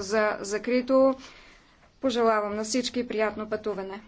за закрито. Пожелавам на всички приятно пътуване!